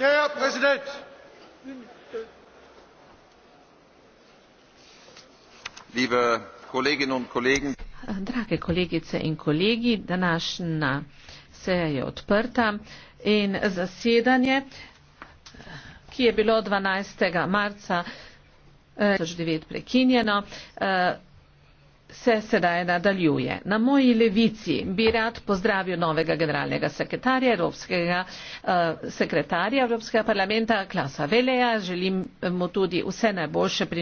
herr präsident! liebe kolleginnen und kollegen! drage kolegice in kolegi današnja seja je odprta in zasedanje ki je bilo dvanajst marca eh, dva tisoč devet prekinjeno eh, se sedaj nadaljuje. Na moji levici bi rad pozdravil novega generalnega sekretarja Evropskega, eh, sekretarja Evropskega parlamenta Klasa Veleja, želim mu tudi vse najboljše pri njegovem delu.